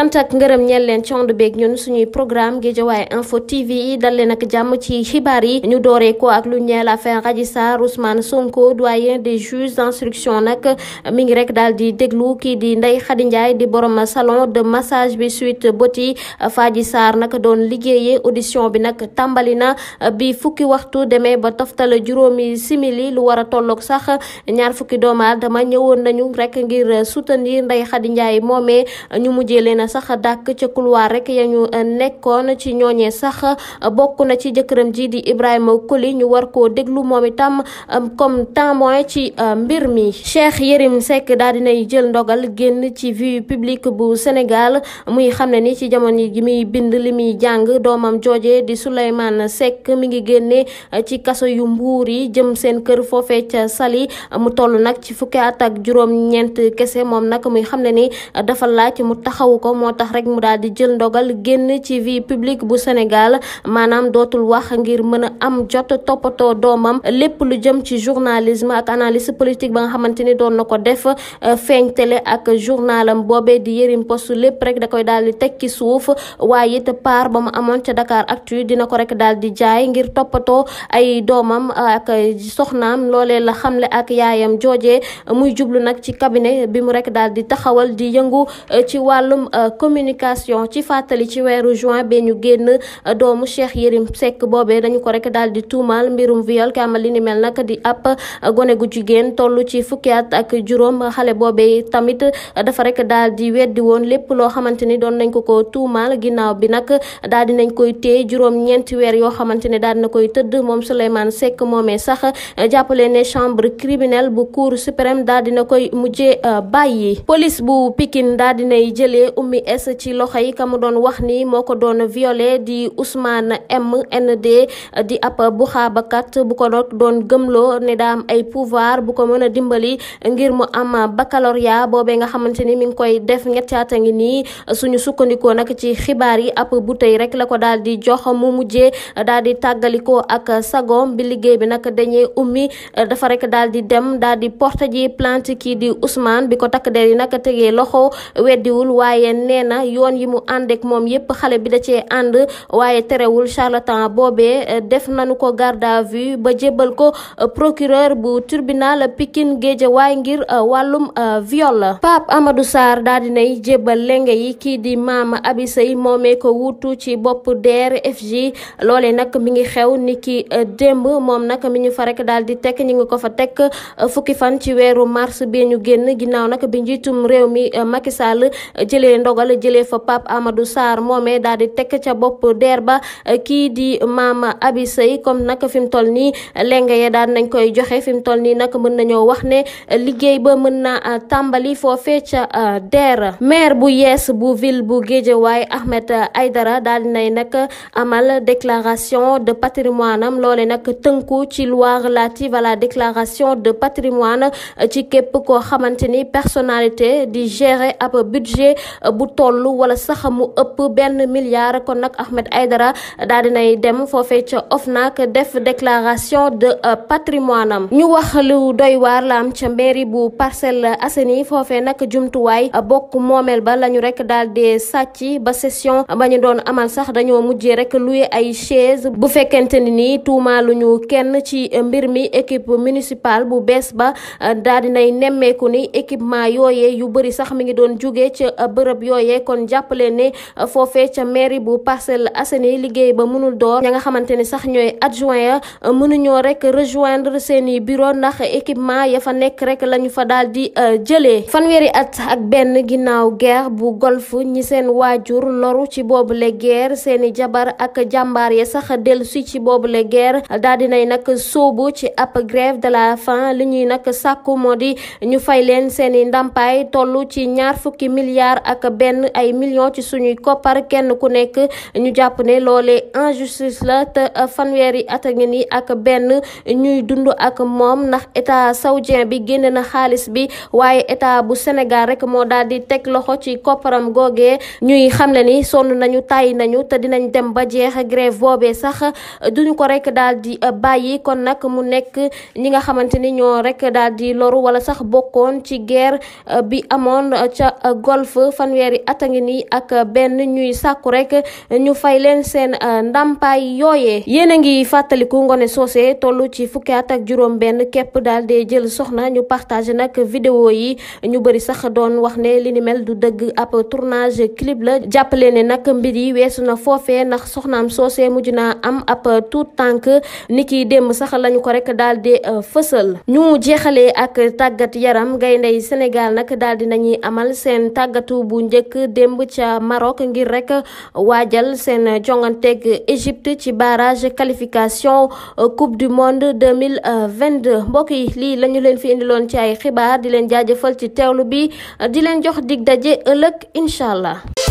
cant ak ngërëm ñeel leen cond beeg ñun suñuy programme Guédiawaye info TV yi dal leen jàmm ci xibaar yi ñu doore ko ak lu ñeel affaire Adji Sarr Ousmane Sonko doyen des juges d'instruction nag mi ngi rek daal di déglu kii di Ndeye Khady di borom salon de massage bi suite boti fa Adji Sarr nag doon liggéeyee audition bi nag tàmbali na bi fukki waxtu demee ba toftal juróomi simili lu war a tolloog sax ñaar fukki doomu aadama ñëwoon nañu rek ngir soutenir Ndeye Khady Ndiaye moomee ñu sax dàkk ca couloir rek ya ñu eh, nekkoon ci ñooñee sax eh, bokk na ci jëkkëram ji di Ibrahima Koli ñu war koo déglu moom itam eh, comme témoin ci mbir mi Cheikh Yérim Seck daal dinay jël ndogal génn ci vie publique bu Sénégal muy xam ne ni ci jamono ji muy bind li muy jàng doomam jooje di Souleymane Seck mi ngi génne ci kaso yu mbuur yi jëm seen kër foofe ca sali mu toll nag ci fukki at ak juróom ñeent kese moom nag muy xam ne ni dafa laaj mu taxawu ko ko moo tax rek mu daal di jël ndogal génn ci vie publique bu Sénégal maanaam dootul wax ngir mën a am jot toppatoo doomam lépp lu jëm ci journalisme ak analyse politique ba nga xamante ni doon na ko def euh, feeñ télé ak journalam boobee di Yérim Post lépp rek da koy daal di teg ci suuf waaye it par ba mu amoon ca Dakar Actu dina ko rek daal di jaay ngir toppatoo ay doomam ak soxnaam loolee la xamle ak yaayam joojee muy jublu nag ci cabinet bi mu rek daal taxawal di yëngu euh, ci wàllum euh, Euh, communication ci fàttali ci weeru juin bee ñu génn euh, doomu Cheikh Yérim Seck boobee dañu ko rekk daal di tuumaal mbirum viol ki amal li ni mel nag di ab euh, gone gu jigéen toll ci fukki at ak juróom xale boobe tamit dafa rek daal di weddi woon lépp loo xamante ni doon nañ ko ko tout mal ginnaaw bi nag daal di nañ koy téye juróom ñeenti weer yoo xamante ne daal di na koy tëdd moom Souleymane Seck moomee sax jàppale ne chambre criminelle bu cour suprême daal dina koy mujjee bàyyi Oumy S ci loxo yi ka mu doon wax nii moo ko doon violé di n d di app ab buxaabakat bu ko doon gëmloo ne daam ay pouvoir bu ko mën a dimbali ngir mu am baccalauréat boobee nga xamante ni mi ngi koy def ñetti at a ngi nii suñu sukkandikoo nag ci xibaar yi ab bouteille rek la ko daal di jox mu mujjee daal di tàggalikoo ak sagoom bi liggéey bi nag dañee ummi dafa rek daal di dem daal di porte ji kii di Ousmane bi ko takk der yi nag tegee loxo weddiwul waaye nee na yoon yi mu àndeek moom yépp xale bi da cee ànd waaye terewul charlatan boobee eh, def nañu ko garde à vue ba jébbal ko eh, procureur bu tribunal Pikine waaye ngir eh, wàllum viol Pape Amadou Sarr daa dinay jébbal lenge yi kii di maam Abi Seye moomee ko wuutu ci bopp DRFJ loole nag mi ngi xew ni ki démb moom nag mi ñu fa rek daal di tekk ñu ngi ko fa tekk fukki fan ci weeru mars bi ñu génn ginnaaw nag bi njiitum réew mi Macky Sall jëlee dogal jëlee fa Pape Amadou Sarr moomee daal di tekk ca bopp deer ba eh, kii di Mame Abi Seye comme nag fi mu toll nii eh, lenge ya nañ koy joxe fi mu toll nii nag mën nañoo wax ne eh, liggéey ba mën na tàmbali foofee ca deer maire bu yees bu ville bu Guédiawaye Ahmed Aïdara daal di nay nag amal déclaration de patrimoine am loole nag ci loi relative à la déclaration de patrimoine di gérer ab budget bu toll wala sax mu ëpp benn milliard kon nag Ahmed Aidara daal dinay dem foofee ca OFNAC def déclaration de euh, patrimoine ñu wax lu doy waar la am ca mairie bu Parcelles Assainies foofee nag jumtuwaay bokk moomeel ba lañu rek daal di sàcc ba session ba ñu doon amal sax dañoo mujjee rek luy ay chaise bu fekkente ni nii tuuma lu ñu kenn ci mbir mi équipe municipale bu bees ba euh, daal dinay nemmeeku ni équipement yooyee yu bëri sax mi ngi doon jóge ca euh, bërëb yooyee kon jàppale ne uh, foofee ca mairie bu Parcelles Assainies liggéey ba mënul door ña nga xamante ne sax ñooy adjoint ya uh, munuñoo rek rejoindre seeni bureau ndax équipement ya fa nekk rek lañu fa daal di uh, jëlee fanweeri at ak benn ginnaaw guerre bu golf ñi seen waajur loru ci boobule guerre seeni jabar ak jàmbaar ya sax dellusi ci boobule guerre daal dinay nag sóobu ci ab grève de la faim li ñuy nag sàkku moo di ñu fay leen seeni ndàmpaay toll ci benn ay millions ci suñuy koppar kenn ku nekk ñu jàpp ne loole injustice la te euh, fanweeri at a nii ak benn ñuy dund ak moom ndax état saoudien bi génne na xaalis bi waaye état bu Sénégal rek moo daal di teg loxo ci kopparam googee ñuy xamle ni sonn nañu tàyyi nañu te dinañ dem ba jeex grève boobee sax euh, duñu ko rek daal di euh, bàyyi kon nag mu nekk ñi nga xamante ni ñoo rek daal di loru wala sax bokkoon ci guerre bi amoon ca golfe fanweeri at a ngi nii ak benn ñuy sàkku rek ñu fay leen seen euh, ndàmpaay yooyee yéen a ngi fàttaliku Ngoné Socé toll ci fukki at ak juróom benn képp daal di jël soxna ñu partagé nag vidéo yi ñu bëri sax doon wax ne li ni mel du dëgg ab tournage clip la jàppale ne nag mbir yi weesu na foofee ndax soxnaam Socé mujj na am ab tout tànk ni kiy démb sax lañu ko rek daal di euh, fësal ñu jeexalee ak tàggat yaram gayndey Sénégal nag daal di amal seen tàggatu bu njëkk démb ca Maroc ngir rek waajal seen jonganteeg Égypte ci barrage qualification euh, coupe du monde 2022 mbokk yi lii la ñu leen fi indiloon ci ay xibaar di leen jaajëfal ci teewlu bi di leen jox dig daje ëllëg incha allah